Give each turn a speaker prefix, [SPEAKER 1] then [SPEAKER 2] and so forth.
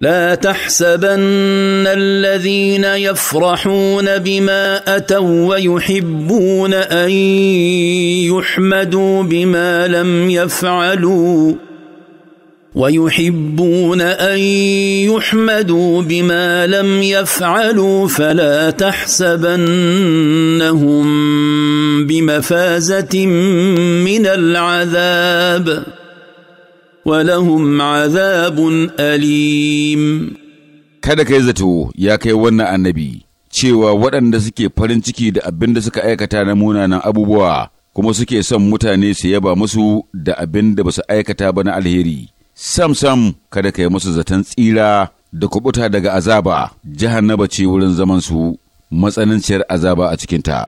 [SPEAKER 1] لا تحسبن الذين يفرحون بما اتوا ويحبون ان يحمدوا بما لم يفعلوا ويحبون ان يحمدوا بما لم يفعلوا فلا تحسبنهم بمفازه من العذاب ولهم عذاب أليم
[SPEAKER 2] kada ka yi zato ya kai wannan annabi cewa waɗanda suke farin ciki da abin da suka aikata na munanan abubuwa kuma suke son mutane su yaba musu da abin da ba su aikata ba na alheri sam sam kada ka yi musu zaton tsira
[SPEAKER 3] da kubuta daga azaba jihar jahannaba ce wurin zamansu matsananciyar azaba a cikinta